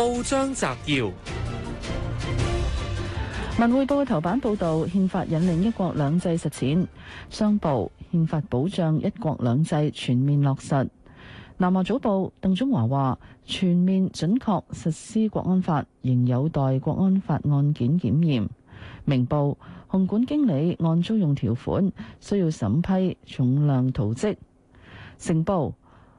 報章摘要：文匯報嘅頭版報道，憲法引領一國兩制實踐；商報，憲法保障一國兩制全面落實。南華早報，鄧中華話，全面準確實施國安法，仍有待國安法案件檢驗。明報，紅館經理按租用條款需要審批，重量圖則。成報。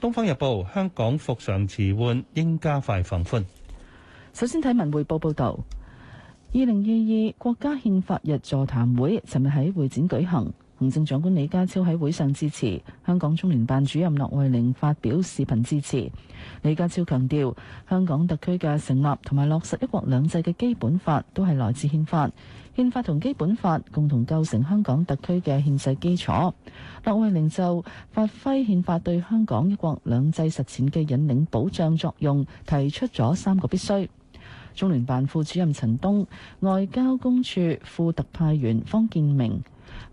《東方日報》：香港復常遲緩，應加快放寬。首先睇文匯報報道：二零二二國家憲法日座談會，尋日喺會展舉行。行政長官李家超喺會上致辭，香港中聯辦主任駱惠寧發表視頻致辭。李家超強調，香港特區嘅成立同埋落實一國兩制嘅基本法都係來自憲法，憲法同基本法共同構成香港特區嘅憲制基礎。駱惠寧就發揮憲法對香港一國兩制實踐嘅引領保障作用，提出咗三個必須。中聯辦副主任陳東、外交公署副特派員方建明、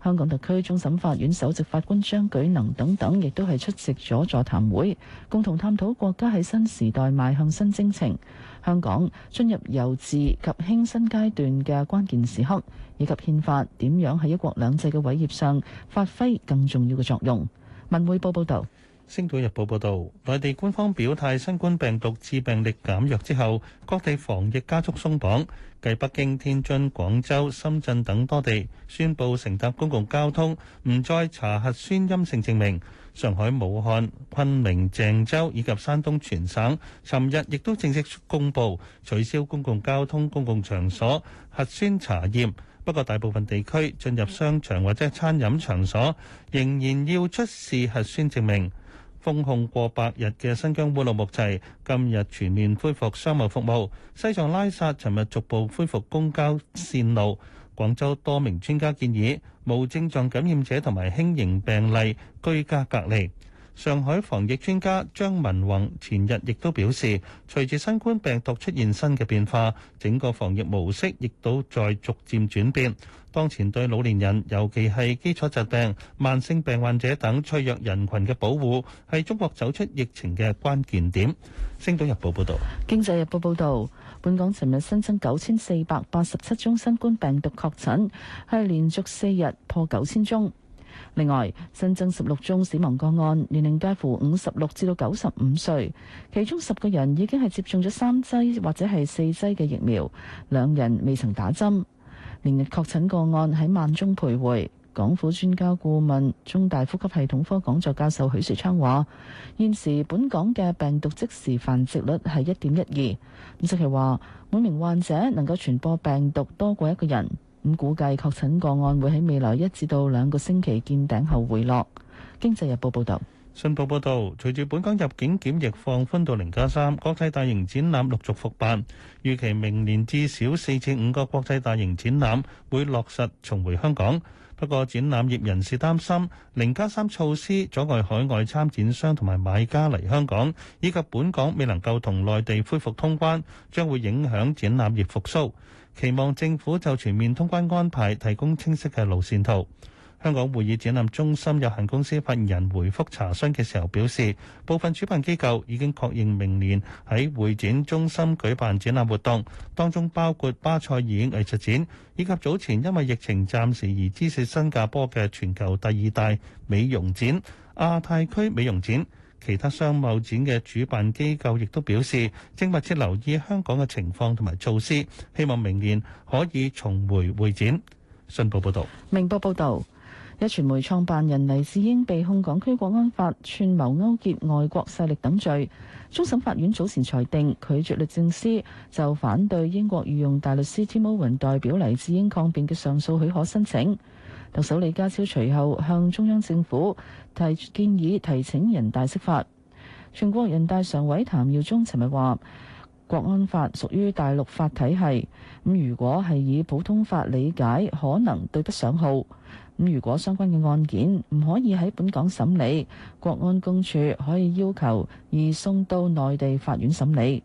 香港特區終審法院首席法官張舉能等等，亦都係出席咗座談會，共同探討國家喺新時代邁向新征程、香港進入由治及興新階段嘅關鍵時刻，以及憲法點樣喺一國兩制嘅偉業上發揮更重要嘅作用。文匯報報道。《星島日報》報導，內地官方表態新冠病毒致病力減弱之後，各地防疫加速鬆綁。繼北京、天津、廣州、深圳等多地宣布乘搭公共交通唔再查核酸陰性證明，上海、武漢、昆明、鄭州以及山東全省，尋日亦都正式公布取消公共交通、公共場所核酸查驗。不過，大部分地區進入商場或者餐飲場所仍然要出示核酸證明。封控過百日嘅新疆烏魯木齊今日全面恢復商務服務。西藏拉薩尋日逐步恢復公交線路。廣州多名專家建議無症狀感染者同埋輕型病例居家隔離。上海防疫專家張文宏前日亦都表示，隨住新冠病毒出現新嘅變化，整個防疫模式亦都在逐漸轉變。當前對老年人，尤其係基礎疾病、慢性病患者等脆弱人群嘅保護，係中國走出疫情嘅關鍵點。星島日報報道，經濟日報報道，本港尋日新增九千四百八十七宗新冠病毒確診，係連續四日破九千宗。另外，新增十六宗死亡個案，年齡介乎五十六至到九十五歲，其中十個人已經係接種咗三劑或者係四劑嘅疫苗，兩人未曾打針，連日確診個案喺萬中徘徊。港府專家顧問、中大呼吸系統科講座教授許樹昌話，現時本港嘅病毒即時繁殖率係一點一二。咁即係話每名患者能夠傳播病毒多過一個人。咁估計確診個案會喺未來一至到兩個星期見頂後回落。經濟日報報道，信報報道，隨住本港入境檢疫放寬到零加三，3，國際大型展覽陸續復辦，預期明年至少四至五個國際大型展覽會落實重回香港。不過，展覽業人士擔心零加三措施阻礙海外參展商同埋買家嚟香港，以及本港未能夠同內地恢復通關，將會影響展覽業復甦。期望政府就全面通關安排提供清晰嘅路線圖。香港會議展覽中心有限公司發言人回覆查詢嘅時候表示，部分主辦機構已經確認明年喺會展中心舉辦展覽活動，當中包括巴塞爾藝術展，以及早前因為疫情暫時而缺席新加坡嘅全球第二大美容展亞太區美容展。其他商貿展嘅主辦機構亦都表示，正密切留意香港嘅情況同埋措施，希望明年可以重回會展。信報報道：「明報報道，壹傳媒創辦人黎智英被控港區國安法串謀勾結外國勢力等罪，終審法院早前裁定拒絕律政司就反對英國御用大律師 Tim Owen 代表黎智英抗辯嘅上訴許可申請。特首李家超隨後向中央政府提建議，提請人大釋法。全國人大常委譚耀宗尋日話，國安法屬於大陸法體系，咁如果係以普通法理解，可能對不上號。咁如果相關嘅案件唔可以喺本港審理，國安公署可以要求移送到內地法院審理。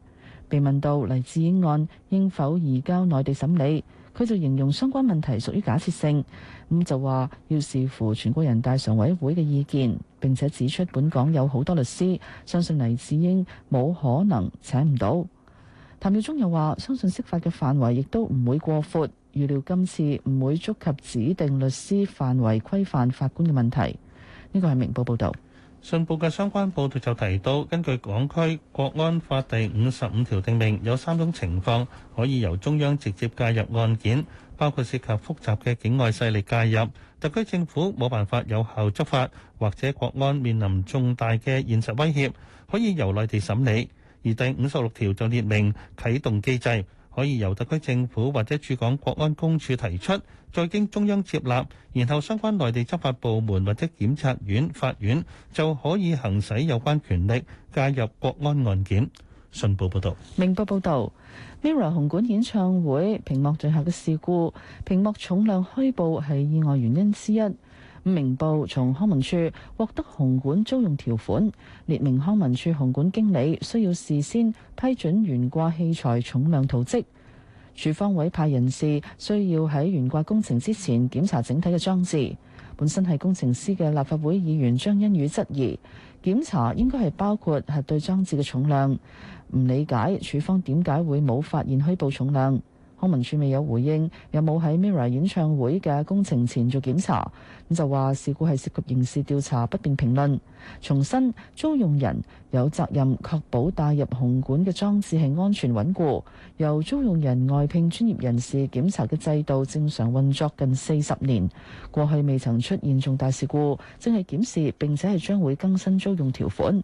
被問到黎智英案應否移交內地審理，佢就形容相關問題屬於假設性，咁就話要視乎全國人大常委會嘅意見，並且指出本港有好多律師，相信黎智英冇可能請唔到。譚耀宗又話：相信釋法嘅範圍亦都唔會過闊，預料今次唔會觸及指定律師範圍規範法官嘅問題。呢個係明報報導。信報嘅相關報導就提到，根據港區國安法第五十五條定明，有三種情況可以由中央直接介入案件，包括涉及複雜嘅境外勢力介入、特區政府冇辦法有效執法，或者國安面臨重大嘅現實威脅，可以由內地審理。而第五十六條就列明啟動機制。可以由特區政府或者駐港國安公署提出，再經中央接納，然後相關內地執法部門或者檢察院、法院就可以行使有關權力介入國安案件。信報報導。明報報道：「MIRROR 紅館演唱會屏幕墜下嘅事故，屏幕重量虛報係意外原因之一。明報從康文署獲得紅館租用條款，列明康文署紅館經理需要事先批准懸掛器材重量圖積。署方委派人士需要喺懸掛工程之前檢查整體嘅裝置。本身係工程師嘅立法會議員張欣宇質疑檢查應該係包括核對裝置嘅重量，唔理解署方點解會冇發現虛報重量。康文署未有回應有冇喺 Mirror 演唱會嘅工程前做檢查，咁就話事故係涉及刑事調查，不便評論。重申，租用人有責任確保帶入紅館嘅裝置係安全穩固，由租用人外聘專業人士檢查嘅制度正常運作近四十年，過去未曾出現重大事故，正係檢視並且係將會更新租用條款。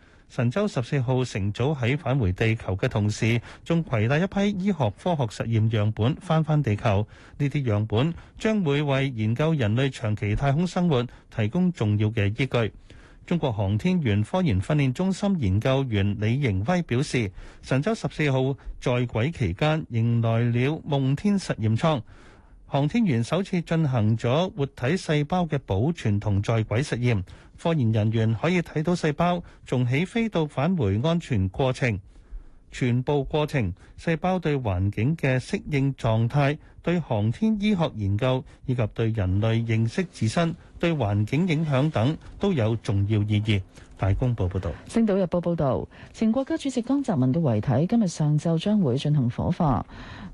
神舟十四號乘組喺返回地球嘅同時，仲攜帶一批醫學科學實驗樣本翻返地球。呢啲樣本將會為研究人類長期太空生活提供重要嘅依據。中國航天員科研訓練中心研究員李迎威表示，神舟十四號在軌期間迎來了夢天實驗艙，航天員首次進行咗活體細胞嘅保存同在軌實驗。科研人員可以睇到細胞從起飛到返回安全過程。全部過程，細胞對環境嘅適應狀態、對航天醫學研究以及對人類認識自身、對環境影響等，都有重要意義。大公報報導，《星島日報》報導，前國家主席江澤民嘅遺體今日上晝將會進行火化，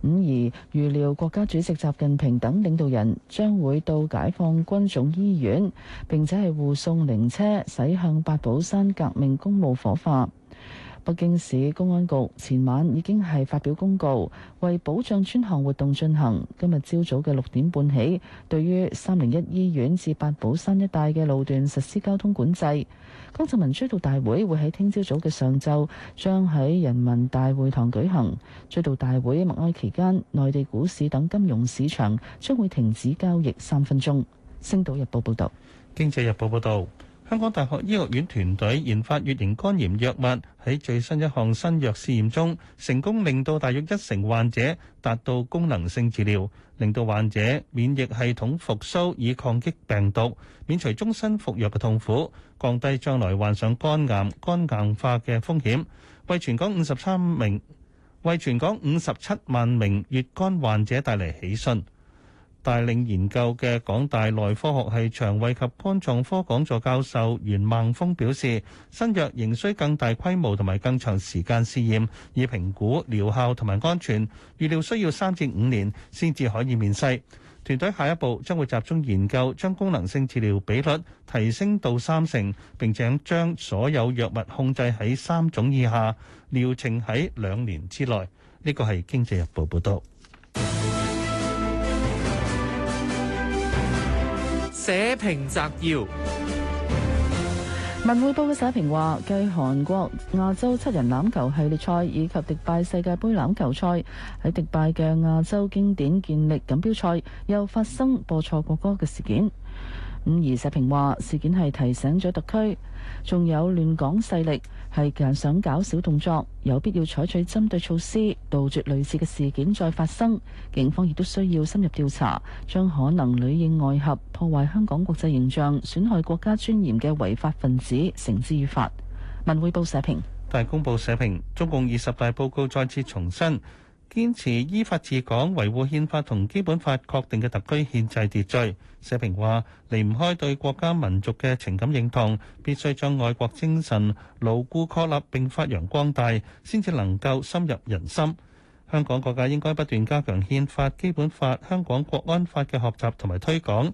五而預料國家主席習近平等領導人將會到解放軍總醫院，並且係護送靈車駛向八寶山革命公墓火化。北京市公安局前晚已經係發表公告，為保障專項活動進行，今日朝早嘅六點半起，對於三零一醫院至八寶山一帶嘅路段實施交通管制。江澤民追悼大會會喺聽朝早嘅上晝將喺人民大會堂舉行。追悼大會默哀期間，內地股市等金融市場將會停止交易三分鐘。星島日報報道。經濟日報報道。香港大學醫學院團隊研發乙型肝炎藥物，喺最新一項新藥試驗中，成功令到大約一成患者達到功能性治療，令到患者免疫系統復甦以抗擊病毒，免除終身服藥嘅痛苦，降低將來患上肝癌、肝硬化嘅風險，為全港五十三名為全港五十七萬名乙肝患者帶嚟喜訊。帶領研究嘅港大內科學系腸胃及肝臟科講座教授袁孟峰表示，新藥仍需更大規模同埋更長時間試驗，以評估療效同埋安全。預料需要三至五年先至可以面世。團隊下一步將會集中研究，將功能性治療比率提升到三成，並且將所有藥物控制喺三種以下，療程喺兩年之內。呢個係《經濟日報》報導。社評摘要：文匯報嘅社評話，繼韓國亞洲七人籃球系列賽以及迪拜世界杯籃球賽喺迪拜嘅亞洲經典健力錦標賽又發生播錯國歌嘅事件。咁而社評話，事件係提醒咗特區，仲有亂港勢力係想搞小動作，有必要採取針對措施，杜絕類似嘅事件再發生。警方亦都需要深入調查，將可能裏應外合、破壞香港國際形象、損害國家尊嚴嘅違法分子繩之以法。文匯報社評，大公報社評，中共二十大報告再次重申，堅持依法治港，維護憲法同基本法確定嘅特區憲制秩序。社評話：離唔開對國家民族嘅情感認同，必須將愛國精神牢固確立並發揚光大，先至能夠深入人心。香港各界應該不斷加強憲法、基本法、香港國安法嘅學習同埋推廣。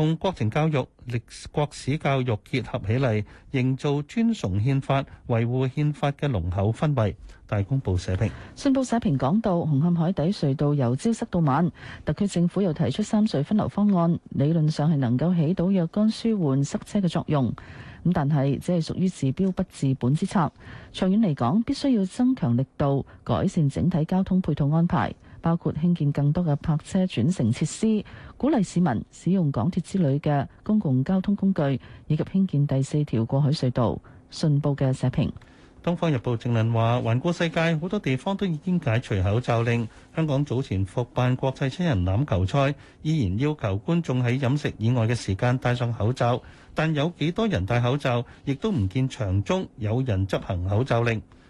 同國情教育、歷史國史教育結合起嚟，營造尊崇憲法、維護憲法嘅濃厚氛圍。大公報社評，信報社評講到，紅磡海底隧道由朝塞到晚，特區政府又提出三隧分流方案，理論上係能夠起到若干舒緩塞車嘅作用。咁但係，只係屬於治標不治本之策。長遠嚟講，必須要增強力度，改善整體交通配套安排。包括興建更多嘅泊車轉乘設施，鼓勵市民使用港鐵之類嘅公共交通工具，以及興建第四條過海隧道。信報嘅社評，《東方日報》正論話，環顧世界，好多地方都已經解除口罩令。香港早前復辦國際七人欖球賽，依然要求觀眾喺飲食以外嘅時間戴上口罩，但有幾多人戴口罩，亦都唔見場中有人執行口罩令。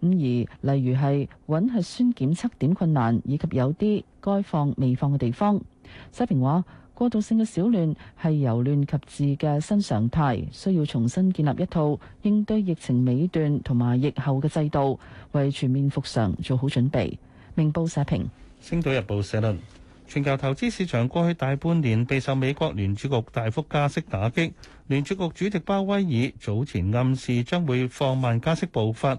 咁而，例如係揾核酸檢測點困難，以及有啲該放未放嘅地方。西平話：過渡性嘅小亂係由亂及治嘅新常態，需要重新建立一套應對疫情尾段同埋疫後嘅制度，為全面復常做好準備。明報社評，《星島日報》社論：全球投資市場過去大半年備受美國聯儲局大幅加息打擊，聯儲局主席鮑威爾早前暗示將會放慢加息步伐。